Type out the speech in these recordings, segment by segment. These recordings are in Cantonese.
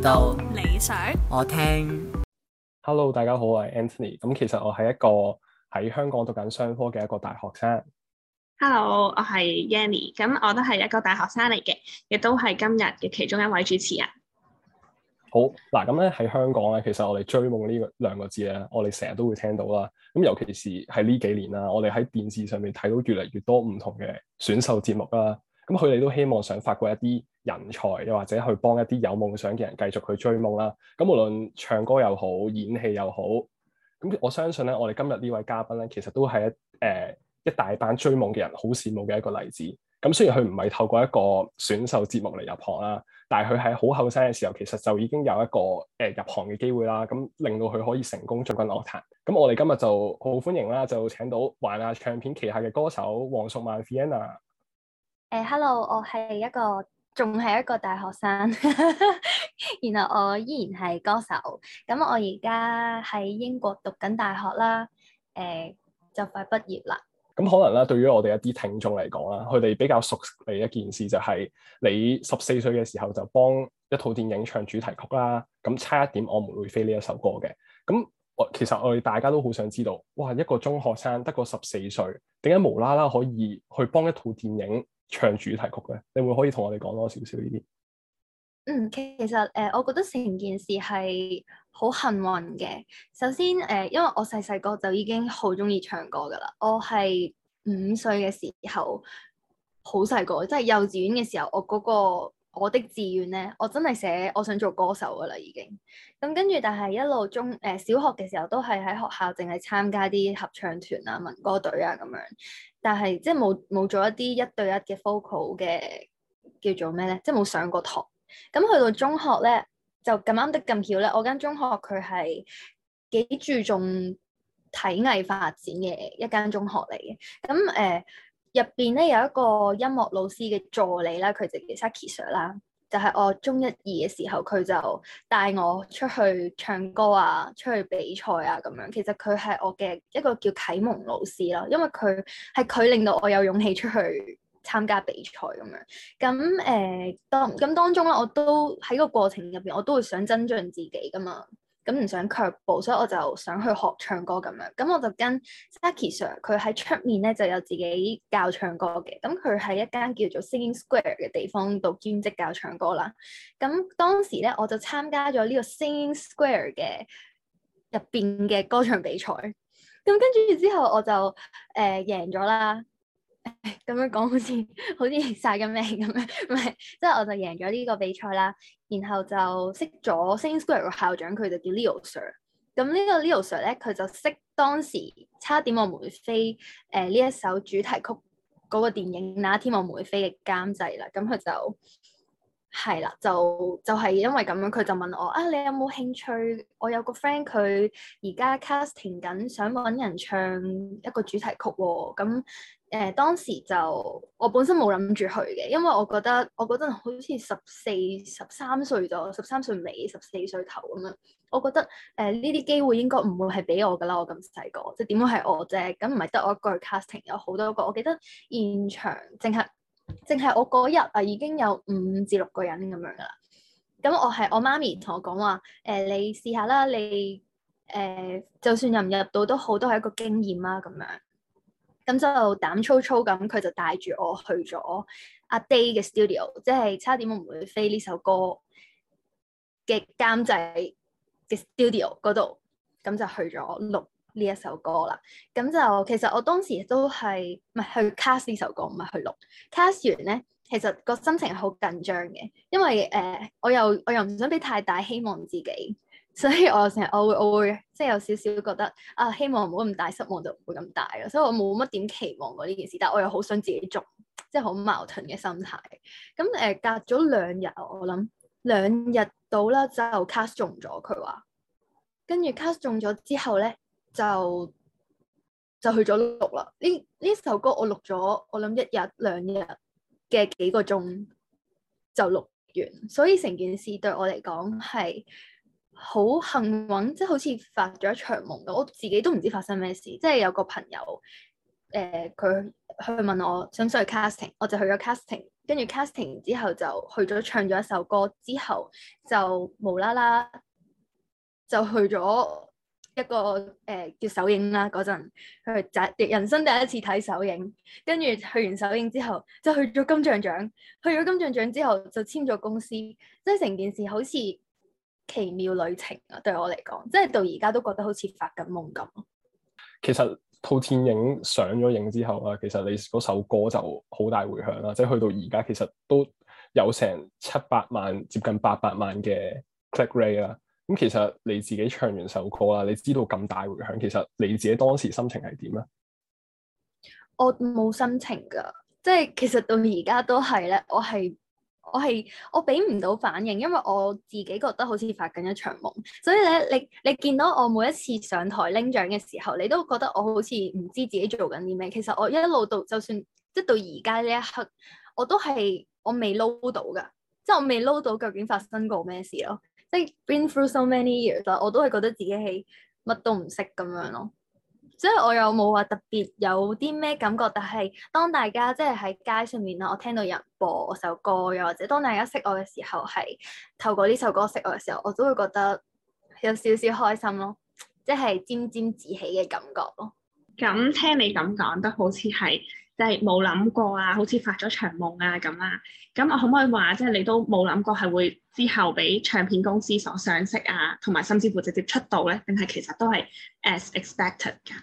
到你想我聽，Hello，大家好，我係 Anthony。咁其實我係一個喺香港讀緊商科嘅一個大學生。Hello，我係 Yanny。咁我都係一個大學生嚟嘅，亦都係今日嘅其中一位主持人。好，嗱咁咧喺香港咧，其實我哋追夢呢個兩個字咧，我哋成日都會聽到啦。咁尤其是喺呢幾年啦，我哋喺電視上面睇到越嚟越多唔同嘅選秀節目啦。咁佢哋都希望想發掘一啲。人才，又或者去幫一啲有夢想嘅人繼續去追夢啦。咁無論唱歌又好，演戲又好，咁我相信咧，我哋今日呢位嘉賓咧，其實都係一誒、呃、一大班追夢嘅人好羨慕嘅一個例子。咁雖然佢唔係透過一個選秀節目嚟入行啦，但係佢喺好後生嘅時候，其實就已經有一個誒、呃、入行嘅機會啦。咁令到佢可以成功進軍樂壇。咁我哋今日就好歡迎啦，就請到環亞寰亞唱片旗下嘅歌手黃淑蔓 Feanna。誒、uh，Hello，我係一個。仲係一個大學生， 然後我依然係歌手，咁我而家喺英國讀緊大學啦，誒、呃、就快畢業啦。咁、嗯、可能啦，對於我哋一啲聽眾嚟講啦，佢哋比較熟悉你一件事就係、是、你十四歲嘅時候就幫一套電影唱主題曲啦，咁差一點我們會飛呢一首歌嘅。咁我其實我哋大家都好想知道，哇，一個中學生得個十四歲，點解無啦啦可以去幫一套電影？唱主題曲嘅，你會唔會可以同我哋講多少少呢啲？嗯，其實誒、呃，我覺得成件事係好幸運嘅。首先誒、呃，因為我細細個就已經好鍾意唱歌㗎喇。我係五歲嘅時候，好細個，即、就、係、是、幼稚園嘅時候，我嗰、那個。我的志願咧，我真係寫我想做歌手噶啦，已經咁跟住。但係一路中誒、呃、小學嘅時候都係喺學校淨係參加啲合唱團啊、民歌隊啊咁樣，但係即係冇冇做一啲一對一嘅 vocal 嘅叫做咩咧，即係冇上過堂。咁去到中學咧，就咁啱得咁巧咧，我間中學佢係幾注重體藝發展嘅一間中學嚟嘅，咁誒。呃.入邊咧有一個音樂老師嘅助理啦，佢就叫 Saki Sir 啦，就係我中一二嘅時候，佢就帶我出去唱歌啊，出去比賽啊咁樣。其實佢係我嘅一個叫啟蒙老師啦，因為佢係佢令到我有勇氣出去參加比賽咁樣。咁誒、欸，當咁當中咧，我都喺個過程入邊，我都會想增進自己噶嘛。咁唔想卻步，所以我就想去學唱歌咁樣。咁我就跟 Saki Sir，佢喺出面咧就有自己教唱歌嘅。咁佢喺一間叫做 Singing Square 嘅地方度兼職教唱歌啦。咁當時咧我就參加咗呢個 Singing Square 嘅入邊嘅歌唱比賽。咁跟住之後我就誒、呃、贏咗啦。咁樣講好似好似晒緊咩咁樣，唔係，即係我就贏咗呢個比賽啦，然後就識咗星 Square 個校長，佢就叫 Leo Sir。咁呢個 Leo Sir 咧，佢就識當時差點我梅會飛誒呢、呃、一首主題曲嗰個電影《哪天我們會飛》嘅監製啦。咁佢就。係啦，就就係、是、因為咁樣，佢就問我啊，你有冇興趣？我有個 friend 佢而家 casting 緊，想搵人唱一個主題曲喎，哦。咁誒、呃，當時就我本身冇諗住去嘅，因為我覺得我嗰陣好似十四十三歲咗，十三歲尾，十四歲頭咁樣，我覺得誒呢啲機會應該唔會係俾我噶啦，我咁細個，即係點會係我啫？咁唔係得我一個 casting，有好多個。我記得現場正係。淨係我嗰日啊，已經有五至六個人咁樣噶啦。咁我係我媽咪同我講話，誒、呃，你試下啦，你誒、呃，就算入唔入到都好，都係一個經驗啦、啊。咁樣，咁就膽粗粗咁，佢就帶住我去咗阿 Day 嘅 studio，即係差點我唔會飛呢首歌嘅監製嘅 studio 嗰度，咁就去咗六。呢一首歌啦，咁就其實我當時都係唔係去 cast 呢首歌，唔係去錄 cast 完咧，其實個心情係好緊張嘅，因為誒、呃、我又我又唔想俾太大希望自己，所以我成日我會我會即係、就是、有少少覺得啊希望唔好咁大，失望就唔會咁大咯，所以我冇乜點期望過呢件事，但我又好想自己做，即係好矛盾嘅心態。咁誒、呃、隔咗兩日我諗兩日到啦就 cast 中咗佢話，跟住 cast 中咗之後咧。就就去咗錄啦，呢呢首歌我錄咗，我諗一日兩日嘅幾個鐘就錄完，所以成件事對我嚟講係好幸運，即係好似發咗一場夢咁，我自己都唔知發生咩事，即係有個朋友誒，佢佢去問我想唔想去 casting，我就去咗 casting，跟住 casting 之後就去咗唱咗一首歌之後就無啦啦就去咗。一個誒、呃、叫首映啦，啊，嗰陣去第人生第一次睇首映，跟住去完首映之後，就去咗金像獎，去咗金像獎之後就簽咗公司，即係成件事好似奇妙旅程啊！對我嚟講，即係到而家都覺得好似發緊夢咁。其實套電影上咗映之後啊，其實你首歌就好大回響啦，即係去到而家，其實都有成七百萬、接近八百萬嘅 click rate 啦。咁其實你自己唱完首歌啦，你知道咁大回響，其實你自己當時心情係點呀？我冇心情噶，即係其實到而家都係咧，我係我係我俾唔到反應，因為我自己覺得好似發緊一場夢。所以咧，你你見到我每一次上台拎獎嘅時候，你都覺得我好似唔知自己做緊啲咩。其實我一路到就算即係到而家呢一刻，我都係我未撈到噶，即係我未撈到究竟發生過咩事咯。即係 been through so many years，但我都係覺得自己係乜都唔識咁樣咯。即係我又冇話特別有啲咩感覺，但係當大家即係喺街上面啦，我聽到有人播我首歌，又或者當大家識我嘅時候，係透過呢首歌識我嘅時候，我都會覺得有少少開心咯，即係沾沾自喜嘅感覺咯。咁聽你咁講得好似係。即係冇諗過啊，好似發咗場夢啊咁啦。咁我可唔可以話，即係你都冇諗過係會之後俾唱片公司所賞識啊，同埋甚至乎直接出道咧？定係其實都係 as expected 㗎。誒、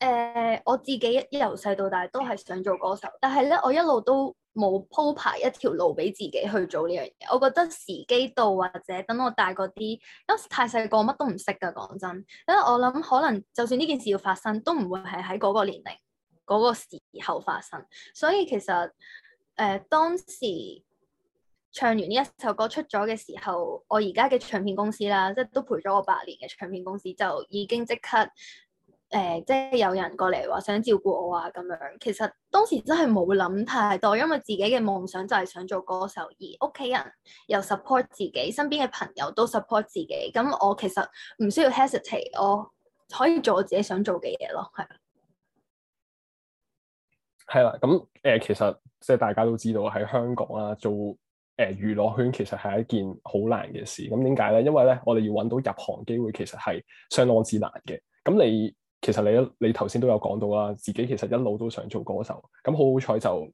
呃，我自己由細到大都係想做歌手，但係咧我一路都冇鋪排一條路俾自己去做呢樣嘢。我覺得時機到或者等我大個啲，因為太細個乜都唔識㗎。講真，因為我諗可能就算呢件事要發生，都唔會係喺嗰個年齡。嗰個時候發生，所以其實誒、呃、當時唱完呢一首歌出咗嘅時候，我而家嘅唱片公司啦，即係都陪咗我八年嘅唱片公司，就已經即刻誒、呃，即係有人過嚟話想照顧我啊咁樣。其實當時真係冇諗太多，因為自己嘅夢想就係想做歌手，而屋企人又 support 自己，身邊嘅朋友都 support 自己，咁我其實唔需要 hesitate，我可以做我自己想做嘅嘢咯，係啊。係啦，咁誒、呃，其實即係大家都知道喺香港啦，做誒、呃、娛樂圈其實係一件好難嘅事。咁點解咧？因為咧，我哋要揾到入行機會，其實係相當之難嘅。咁你其實你你頭先都有講到啦，自己其實一路都想做歌手。咁好好彩就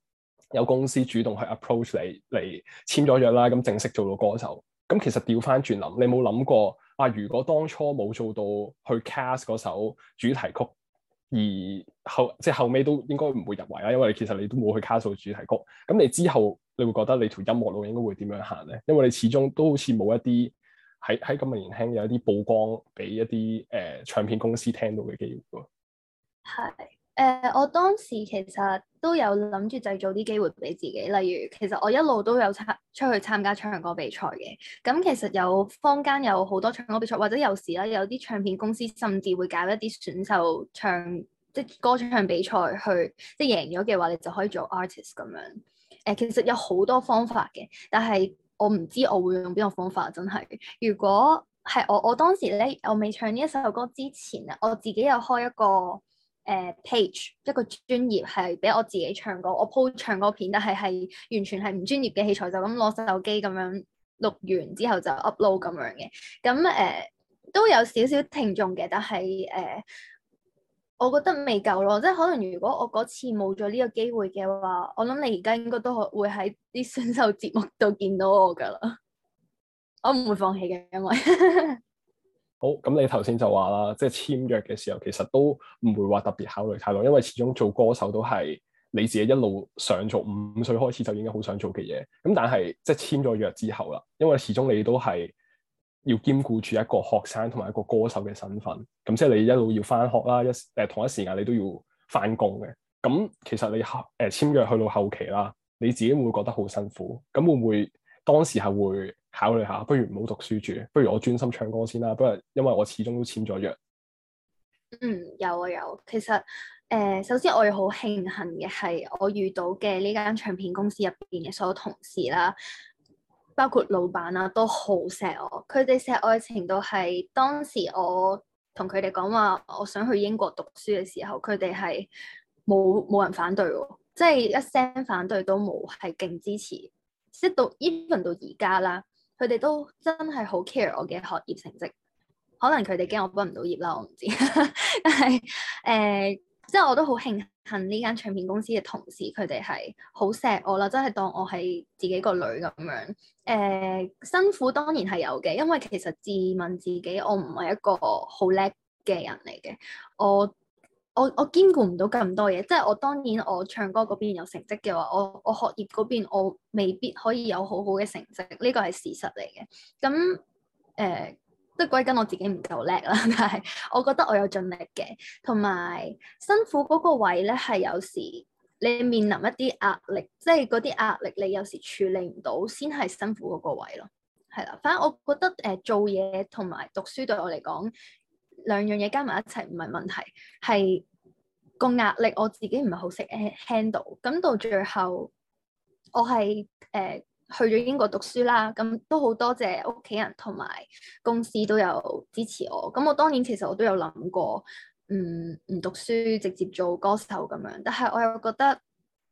有公司主動去 approach 你，嚟簽咗約啦，咁正式做到歌手。咁其實調翻轉諗，你冇諗過啊？如果當初冇做到去 cast 嗰首主題曲。而後即係後尾都應該唔會入圍啦，因為其實你都冇去卡數主題曲。咁你之後你會覺得你條音樂路應該會點樣行咧？因為你始終都好似冇一啲喺喺咁嘅年輕有一啲曝光俾一啲誒、呃、唱片公司聽到嘅機會。係。誒、呃，我當時其實都有諗住製造啲機會俾自己，例如其實我一路都有參出去參加唱歌比賽嘅。咁其實有坊間有好多唱歌比賽，或者有時咧有啲唱片公司甚至會搞一啲選秀唱即歌唱比賽去，去即贏咗嘅話，你就可以做 artist 咁樣。誒、呃，其實有好多方法嘅，但係我唔知我會用邊個方法，真係。如果係我我當時咧，我未唱呢一首歌之前啊，我自己有開一個。誒、uh, page 一個專業係俾我自己唱歌，我 po 唱歌片，但係係完全係唔專業嘅器材，就咁攞手機咁樣錄完之後就 upload 咁樣嘅。咁誒、uh, 都有少少聽眾嘅，但係誒、uh, 我覺得未夠咯。即係可能如果我嗰次冇咗呢個機會嘅話，我諗你而家應該都會喺啲選秀節目度見到我㗎啦。我唔會放棄嘅，因為。 好，咁你頭先就話啦，即係簽約嘅時候，其實都唔會話特別考慮太多，因為始終做歌手都係你自己一路想做，五歲開始就應該好想做嘅嘢。咁但係即係簽咗約之後啦，因為始終你都係要兼顧住一個學生同埋一個歌手嘅身份。咁即係你一路要翻學啦，一誒同一時間你都要翻工嘅。咁其實你誒、呃、簽約去到後期啦，你自己會覺得好辛苦。咁會唔會當時係會？考慮下，不如唔好讀書住，不如我專心唱歌先啦。不過，因為我始終都簽咗約，嗯，有啊有。其實誒、呃，首先我要好慶幸嘅係，我遇到嘅呢間唱片公司入邊嘅所有同事啦，包括老闆啊，都好錫我。佢哋錫我嘅程度係當時我同佢哋講話，我想去英國讀書嘅時候，佢哋係冇冇人反對嘅，即係一聲反對都冇，係勁支持。即到 even 到而家啦。佢哋都真係好 care 我嘅學業成績，可能佢哋驚我分唔到業啦，我唔知。 但係誒、呃，即係我都好慶幸呢間唱片公司嘅同事，佢哋係好錫我啦，真係當我係自己個女咁樣。誒、呃，辛苦當然係有嘅，因為其實自問自己，我唔係一個好叻嘅人嚟嘅，我。我我兼顧唔到咁多嘢，即係我當然我唱歌嗰邊有成績嘅話，我我學業嗰邊我未必可以有好好嘅成績，呢個係事實嚟嘅。咁誒、呃、都歸根我自己唔夠叻啦，但係我覺得我有盡力嘅，同埋辛苦嗰個位咧，係有時你面臨一啲壓力，即係嗰啲壓力你有時處理唔到，先係辛苦嗰個位咯。係啦，反正我覺得誒、呃、做嘢同埋讀書對我嚟講。兩樣嘢加埋一齊唔係問題，係個壓力我自己唔係好識 handle。咁到最後，我係誒、呃、去咗英國讀書啦。咁都好多謝屋企人同埋公司都有支持我。咁我當然其實我都有諗過，唔、嗯、唔讀書直接做歌手咁樣，但係我又覺得。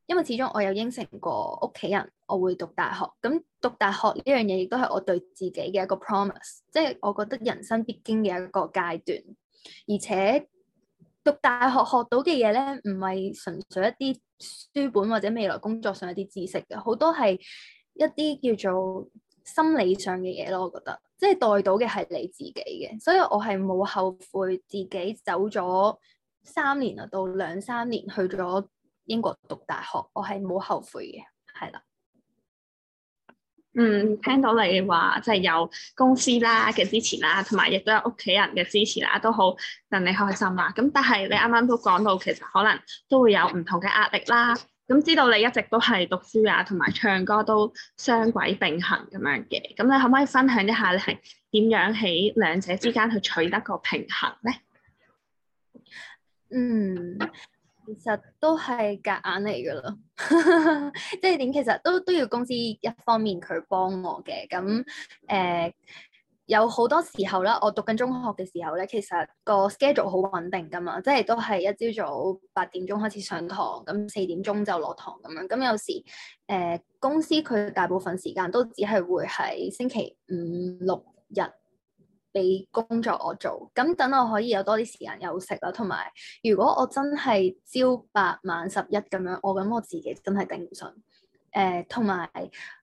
因為始終我有應承過屋企人我會讀大學，咁讀大學呢樣嘢亦都係我對自己嘅一個 promise，即係我覺得人生必經嘅一個階段。而且讀大學學到嘅嘢咧，唔係純粹一啲書本或者未來工作上一啲知識嘅，好多係一啲叫做心理上嘅嘢咯。我覺得即係代到嘅係你自己嘅，所以我係冇後悔自己走咗三年啊，到兩三年去咗英國讀大學，我係冇後悔嘅，係啦。嗯，聽到你話即係有公司啦嘅支持啦，同埋亦都有屋企人嘅支持啦，都好令你開心啦、啊。咁但係你啱啱都講到，其實可能都會有唔同嘅壓力啦。咁知道你一直都係讀書啊，同埋唱歌都雙軌並行咁樣嘅。咁你可唔可以分享一下，你係點樣喺兩者之間去取得個平衡咧？嗯。其實都係夾硬嚟噶咯，即係點？其實都都要公司一方面佢幫我嘅，咁誒、呃、有好多時候啦，我讀緊中學嘅時候咧，其實個 schedule 好穩定噶嘛，即係都係一朝早八點鐘開始上堂，咁四點鐘就落堂咁樣，咁有時誒、呃、公司佢大部分時間都只係會喺星期五六日。你工作我做，咁等我可以有多啲時間休息啦。同埋，如果我真係朝八晚十一咁樣，我咁我自己真係頂唔順。誒，呃，同埋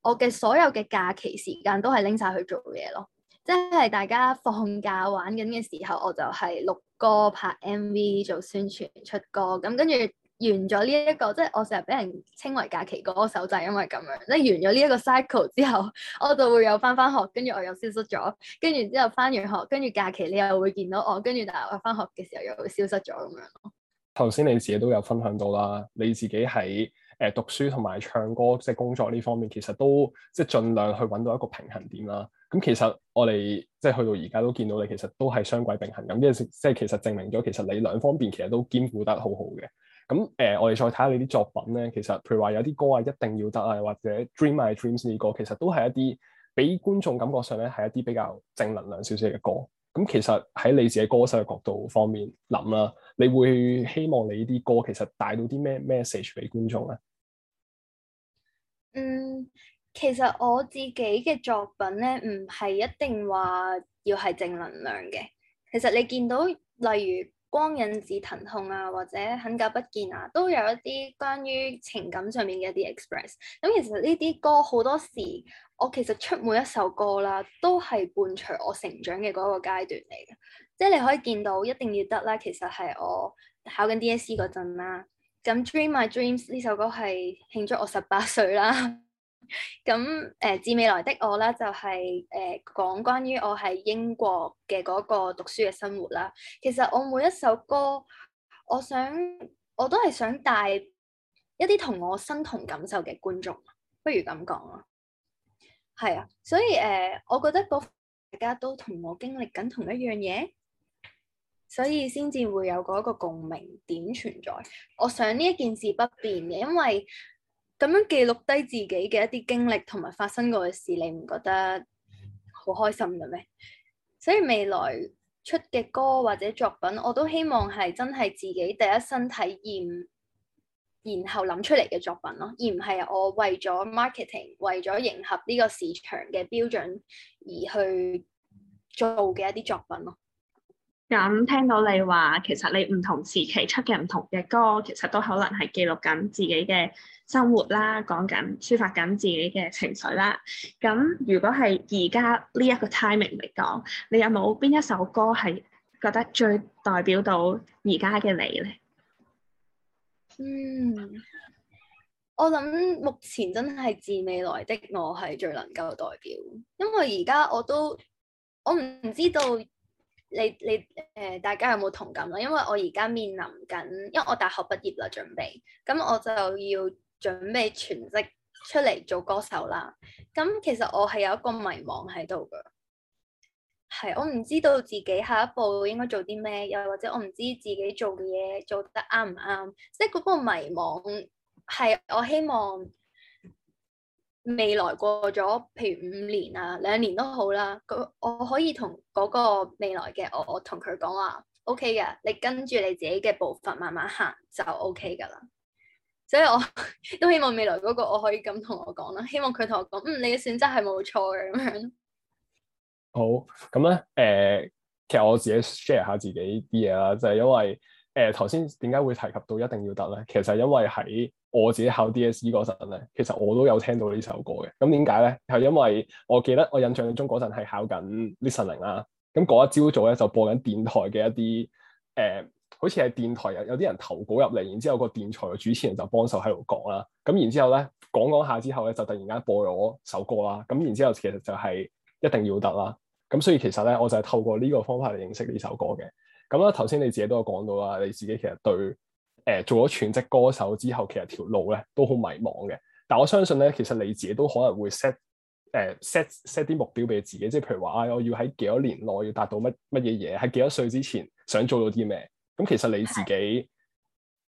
我嘅所有嘅假期時間都係拎晒去做嘢咯。即係大家放假玩緊嘅時候，我就係錄歌、拍 MV、做宣傳、出歌。咁跟住。完咗呢一個，即係我成日俾人稱為假期歌手，就係因為咁樣。即完咗呢一個 cycle 之後，我就會有返返學，跟住我又消失咗。跟住之後返完學，跟住假期你又會見到我，跟住但係我返學嘅時候又會消失咗咁樣咯。頭先你自己都有分享到啦，你自己喺誒讀書同埋唱歌即係工作呢方面，其實都即係盡量去揾到一個平衡點啦。咁其實我哋即係去到而家都見到你，其實都係雙軌並行咁，即係即係其實證明咗其實你兩方面其實都兼顧得好好嘅。咁誒、呃，我哋再睇下你啲作品咧，其實譬如話有啲歌啊，一定要得啊，或者《Dream My Dreams》呢啲歌，其實都係一啲俾觀眾感覺上咧係一啲比較正能量少少嘅歌。咁、嗯、其實喺你自己歌手嘅角度方面諗啦、啊，你會希望你啲歌其實帶到啲咩咩 message 俾觀眾咧？嗯，其實我自己嘅作品咧，唔係一定話要係正能量嘅。其實你見到例如，光影致疼痛啊，或者很久不見啊，都有一啲關於情感上面嘅一啲 express。咁、嗯、其實呢啲歌好多時，我其實出每一首歌啦，都係伴隨我成長嘅嗰個階段嚟嘅。即係你可以見到，一定要得啦。其實係我考緊 DSE 嗰陣啦。咁《Dream My Dreams》呢首歌係慶祝我十八歲啦。咁誒，致、呃、未來的我啦，就係誒講關於我喺英國嘅嗰個讀書嘅生活啦。其實我每一首歌，我想我都係想帶一啲同我身同感受嘅觀眾，不如咁講啊。係啊，所以誒、呃，我覺得大家都同我經歷緊同一樣嘢，所以先至會有嗰一個共鳴點存在。我想呢一件事不變嘅，因為。咁樣記錄低自己嘅一啲經歷同埋發生過嘅事，你唔覺得好開心嘅咩？所以未來出嘅歌或者作品，我都希望係真係自己第一身體驗，然後諗出嚟嘅作品咯，而唔係我為咗 marketing、為咗迎合呢個市場嘅標準而去做嘅一啲作品咯。咁聽到你話，其實你唔同時期出嘅唔同嘅歌，其實都可能係記錄緊自己嘅生活啦，講緊、抒發緊自己嘅情緒啦。咁如果係而家呢一個 timing 嚟講，你有冇邊一首歌係覺得最代表到而家嘅你咧？嗯，我諗目前真係《致未來的我》係最能夠代表，因為而家我都我唔知道。你你誒大家有冇同感呀？因為我而家面臨緊，因為我大學畢業啦，準備，咁我就要準備全職出嚟做歌手啦。咁其實我係有一個迷茫喺度㗎，係我唔知道自己下一步應該做啲咩，又或者我唔知自己做嘅嘢做得啱唔啱，即係嗰個迷茫係我希望。未來過咗，譬如五年啊，兩年都好啦、啊。我可以同嗰個未來嘅我、啊，我同佢講話，OK 嘅，你跟住你自己嘅步伐慢慢行就 OK 噶啦。所以我都希望未來嗰個我可以咁同我講啦、啊，希望佢同我講，嗯，你嘅選擇係冇錯嘅咁樣。好，咁咧，誒、呃，其實我自己 share 下自己啲嘢啦，就係、是、因為，誒、呃，頭先點解會提及到一定要得咧？其實因為喺。我自己考 DSE 嗰陣咧，其實我都有聽到呢首歌嘅。咁點解咧？係因為我記得我印象中嗰陣係考緊 listening 啦。咁嗰一朝早咧就播緊電台嘅一啲誒、呃，好似係電台有有啲人投稿入嚟，然之後個電台嘅主持人就幫手喺度講啦。咁然後呢講講之後咧講講下之後咧就突然間播咗首歌啦。咁然之後其實就係一定要得啦。咁所以其實咧我就係透過呢個方法嚟認識呢首歌嘅。咁啦，頭先你自己都有講到啦，你自己其實對。誒做咗全職歌手之後，其實條路咧都好迷茫嘅。但我相信咧，其實你自己都可能會 set 誒 set set 啲目標俾自己，即係譬如話，啊，我要喺幾多年內要達到乜乜嘢嘢，喺幾多歲之前想做到啲咩？咁其實你自己的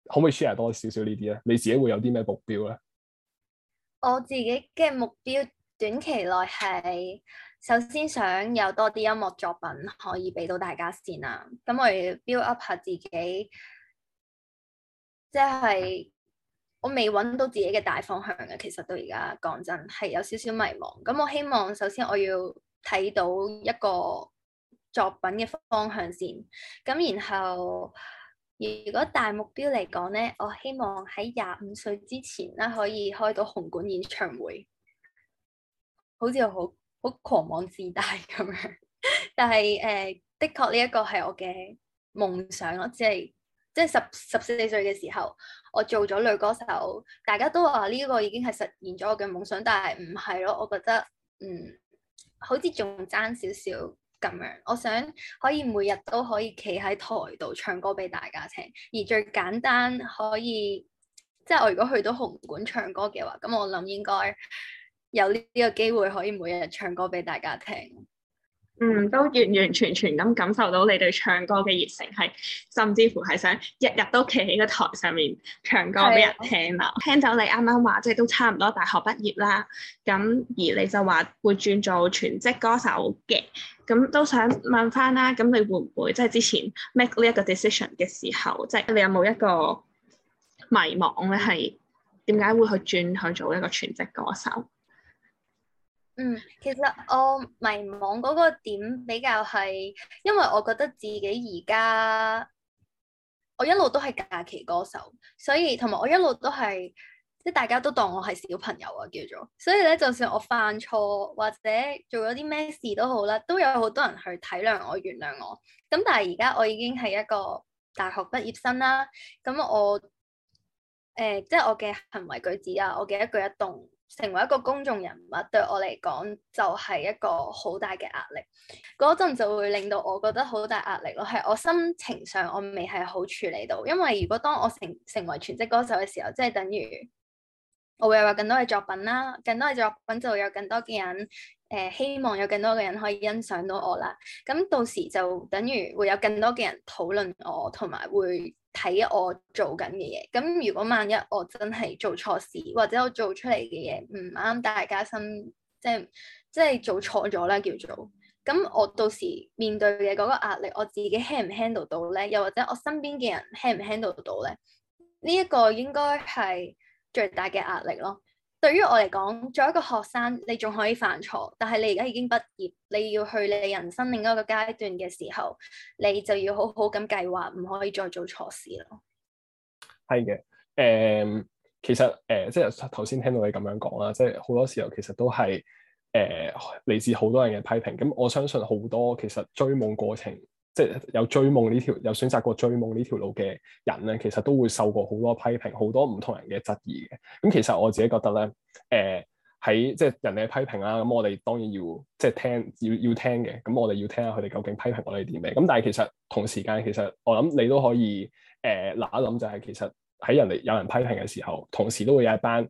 可唔可以 share 多少少呢啲咧？你自己會有啲咩目標咧？我自己嘅目標短期內係首先想有多啲音樂作品可以俾到大家先啊。咁我要 build up 下自己。即係我未揾到自己嘅大方向嘅，其實到而家講真係有少少迷茫。咁我希望首先我要睇到一個作品嘅方向先。咁然後如果大目標嚟講咧，我希望喺廿五歲之前咧可以開到紅館演唱會，好似好好狂妄自大咁樣。但係誒、呃、的確呢一個係我嘅夢想咯，即係。即係十十四、五歲嘅時候，我做咗女歌手，大家都話呢個已經係實現咗我嘅夢想，但係唔係咯？我覺得，嗯，好似仲爭少少咁樣。我想可以每日都可以企喺台度唱歌俾大家聽，而最簡單可以，即係我如果去到紅館唱歌嘅話，咁我諗應該有呢個機會可以每日唱歌俾大家聽。嗯，都完完全全咁感受到你對唱歌嘅熱誠，係甚至乎係想日日都企喺個台上面唱歌俾人聽啦。的聽咗你啱啱話，即係都差唔多大學畢業啦。咁而你就話會轉做全職歌手嘅，咁都想問返啦。咁你會唔會即係之前 make 呢一個 decision 嘅時候，即係你有冇一個迷茫咧？係點解會去轉去做一個全職歌手？嗯，其實我迷茫嗰個點比較係，因為我覺得自己而家我一路都係假期歌手，所以同埋我一路都係即係大家都當我係小朋友啊叫做，所以咧就算我犯錯或者做咗啲咩事都好啦，都有好多人去體諒我、原諒我。咁但係而家我已經係一個大學畢業生啦，咁我誒即係我嘅行為舉止啊，我嘅一舉一動。成為一個公眾人物對我嚟講就係一個好大嘅壓力，嗰陣就會令到我覺得好大壓力咯。係我心情上我未係好處理到，因為如果當我成成為全職歌手嘅時候，即係等於我會有更多嘅作品啦，更多嘅作品就會有更多嘅人，誒、呃、希望有更多嘅人可以欣賞到我啦。咁到時就等於會有更多嘅人討論我，同埋會。睇我做緊嘅嘢，咁如果萬一我真係做錯事，或者我做出嚟嘅嘢唔啱大家心，即係即係做錯咗啦叫做，咁我到時面對嘅嗰個壓力，我自己 handle 唔 handle 到咧？又或者我身邊嘅人 handle 唔 handle 到咧？呢一個應該係最大嘅壓力咯。對於我嚟講，作為一個學生，你仲可以犯錯，但係你而家已經畢業，你要去你人生另一個階段嘅時候，你就要好好咁計劃，唔可以再做錯事咯。係嘅，誒、嗯，其實誒，即係頭先聽到你咁樣講啦，即係好多時候其實都係誒嚟自好多人嘅批評，咁我相信好多其實追夢過程。即係有追夢呢條，有選擇過追夢呢條路嘅人咧，其實都會受過好多批評，好多唔同人嘅質疑嘅。咁、嗯、其實我自己覺得咧，誒、呃、喺即係人哋嘅批評啦，咁、嗯、我哋當然要即係聽，要要聽嘅。咁、嗯、我哋要聽下佢哋究竟批評我哋點咩？咁、嗯、但係其實同時間，其實我諗你都可以誒嗱一諗就係、是、其實喺人哋有人批評嘅時候，同時都會有一班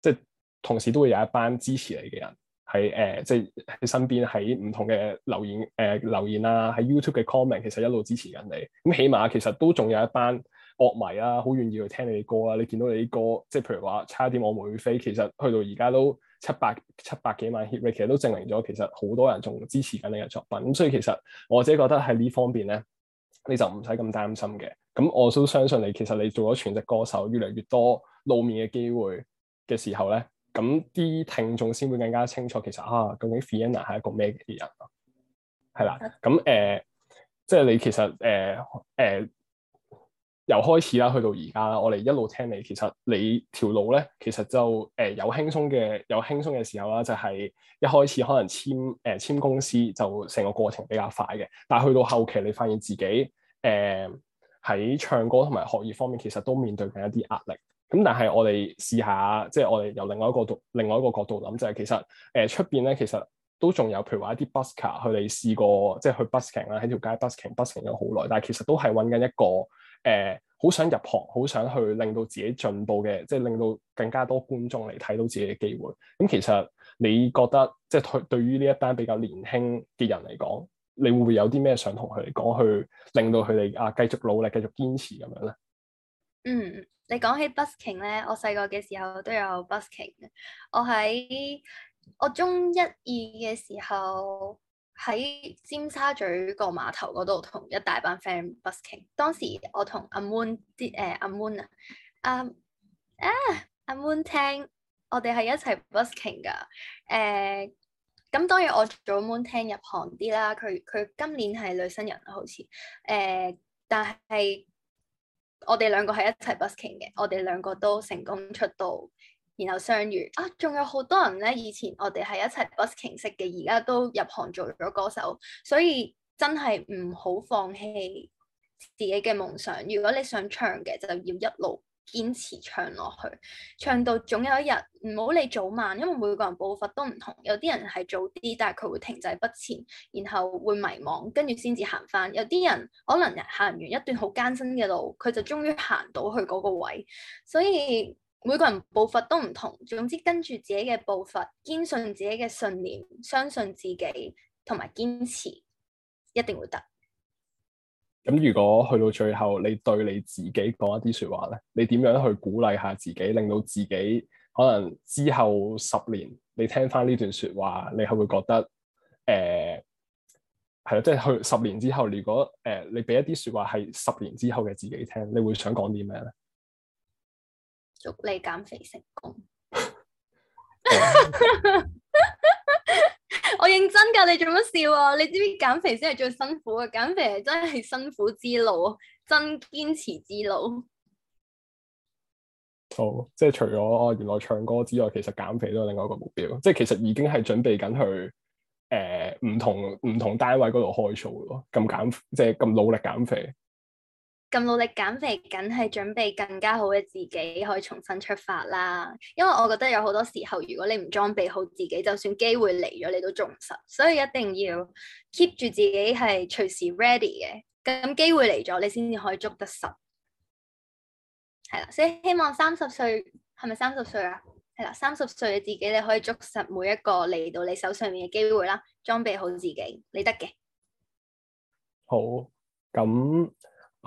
即係同時都會有一班支持你嘅人。喺誒，即係喺身邊，喺唔同嘅留言誒、呃、留言啊，喺 YouTube 嘅 comment，其實一路支持緊你。咁起碼其實都仲有一班樂迷啦、啊，好願意去聽你啲歌啦、啊。你見到你啲歌，即係譬如話《差一點我們會飛》，其實去到而家都七百七百幾萬 hit rate，其實都證明咗其實好多人仲支持緊你嘅作品。咁所以其實我自己覺得喺呢方面咧，你就唔使咁擔心嘅。咁我都相信你，其實你做咗全職歌手，越嚟越多露面嘅機會嘅時候咧。咁啲聽眾先會更加清楚，其實啊，究竟 Feanna 係一個咩嘅人咯？係啦，咁誒、呃，即係你其實誒誒、呃呃，由開始啦，去到而家啦，我哋一路聽你，其實你條路咧，其實就誒有輕鬆嘅，有輕鬆嘅時候啦，就係、是、一開始可能簽誒、呃、簽公司就成個過程比較快嘅，但係去到後期，你發現自己誒喺、呃、唱歌同埋學業方面，其實都面對緊一啲壓力。咁但係我哋試下，即係我哋由另外一個度，另外一個角度諗，就係其實誒出邊咧，其實都仲有，譬如話一啲 busker，佢哋試過即係去 busking 啦，喺條街 busking，busking 咗好耐，但係其實都係搵緊一個誒，好想入行，好想去令到自己進步嘅，即係令到更加多觀眾嚟睇到自己嘅機會。咁其實你覺得即係對對於呢一班比較年輕嘅人嚟講，你會唔會有啲咩想同佢哋講，去令到佢哋啊繼續努力，繼續堅持咁樣咧？嗯，你講起 busking 咧，我細個嘅時候都有 busking。我喺我中一二嘅時候喺尖沙咀個碼頭嗰度同一大班 friend busking。當時我同阿 Moon 啲誒，阿 Moon 啊阿啊阿 Moon 聽，ang，我哋係一齊 busking 噶誒、啊，咁當然我早 Moon 聽入行啲啦，佢佢今年係女新人啊，好似誒，但係。我哋兩個係一齊 busking 嘅，我哋兩個都成功出道，然後相遇啊！仲有好多人咧，以前我哋係一齊 busking 識嘅，而家都入行做咗歌手，所以真係唔好放棄自己嘅夢想。如果你想唱嘅，就要一路堅持唱落去，唱到總有一日，唔好理早晚，因為每個人步伐都唔同。有啲人係早啲，但係佢會停滯不前，然後會迷茫，跟住先至行返。有啲人可能行完一段好艱辛嘅路，佢就終於行到去嗰個位。所以每個人步伐都唔同，總之跟住自己嘅步伐，堅信自己嘅信念，相信自己，同埋堅持，一定會得。咁如果去到最後，你對你自己講一啲説話咧，你點樣去鼓勵下自己，令到自己可能之後十年你聽翻呢段説話，你係會覺得誒係咯？即係去十年之後，如果誒、呃、你俾一啲説話係十年之後嘅自己聽，你會想講啲咩咧？祝你減肥成功！ 我認真㗎，你做乜笑啊？你知唔知減肥先係最辛苦啊？減肥係真係辛苦之路，真堅持之路。好、哦，即係除咗原來唱歌之外，其實減肥都係另外一個目標。即係其實已經係準備緊去誒唔、呃、同唔同單位嗰度開 show 咯，咁減即係咁努力減肥。咁努力減肥，梗係準備更加好嘅自己，可以重新出發啦。因為我覺得有好多時候，如果你唔裝備好自己，就算機會嚟咗，你都捉唔實。所以一定要 keep 住自己係隨時 ready 嘅。咁機會嚟咗，你先至可以捉得實。係啦，所以希望三十歲，係咪三十歲啊？係啦，三十歲嘅自己，你可以捉實每一個嚟到你手上面嘅機會啦。裝備好自己，你得嘅。好。咁。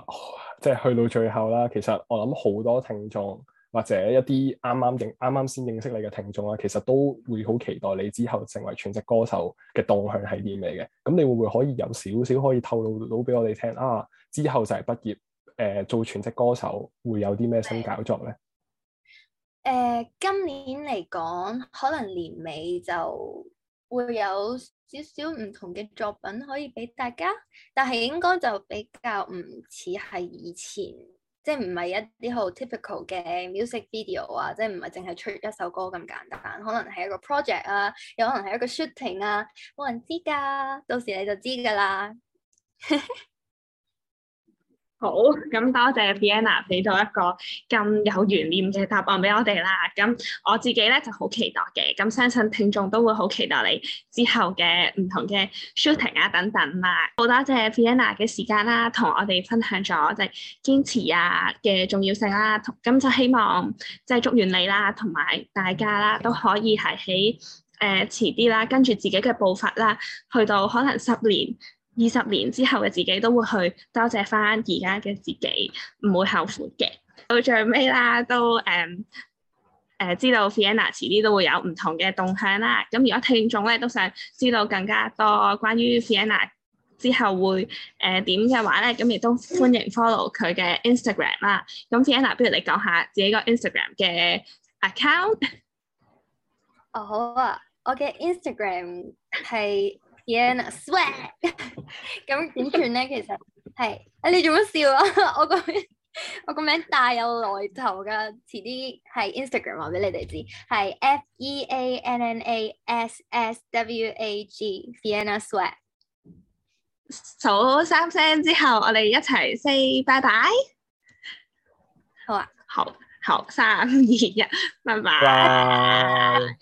哦、即係去到最後啦，其實我諗好多聽眾或者一啲啱啱認啱啱先認識你嘅聽眾啊，其實都會好期待你之後成為全職歌手嘅動向係啲咩嘅。咁你會唔會可以有少少可以透露到俾我哋聽啊？之後就係畢業誒、呃，做全職歌手會有啲咩新搞作咧？誒、呃，今年嚟講，可能年尾就。會有少少唔同嘅作品可以俾大家，但係應該就比較唔似係以前，即係唔係一啲好 typical 嘅 music video 啊，即係唔係淨係出一首歌咁簡單，可能係一個 project 啊，有可能係一個 shooting 啊，冇人知噶，到時你就知噶啦。 好，咁多謝 Feanna 俾到一個咁有懸念嘅答案俾我哋啦。咁我自己咧就好期待嘅，咁相信聽眾都會好期待你之後嘅唔同嘅 shooting 啊等等啦。好多謝 Feanna 嘅時間啦，同我哋分享咗就係堅持啊嘅重要性啦，啊。咁就希望即係祝願你啦，同埋大家啦都可以係喺誒遲啲啦，跟住自己嘅步伐啦，去到可能十年。二十年之後嘅自己都會去多謝翻而家嘅自己，唔會後悔嘅。到最尾啦，都誒誒、嗯呃、知道 Feanna 遲啲都會有唔同嘅動向啦。咁如果聽眾咧都想知道更加多關於 Feanna 之後會誒點嘅話咧，咁亦都歡迎 follow 佢嘅 Instagram 啦。咁 Feanna，不如你講下自己個 Instagram 嘅 account。哦，好啊，我嘅 Instagram 係，Feanna Swag，咁點串呢？其實係，你做乜笑啊？我個我個名大有來頭噶，遲啲係 Instagram 話俾你哋知，係 F E A N N A S S W A G，Feanna Swag。數三聲之後，我哋一齊 say 拜拜。好啊，好，好，三二一，拜拜。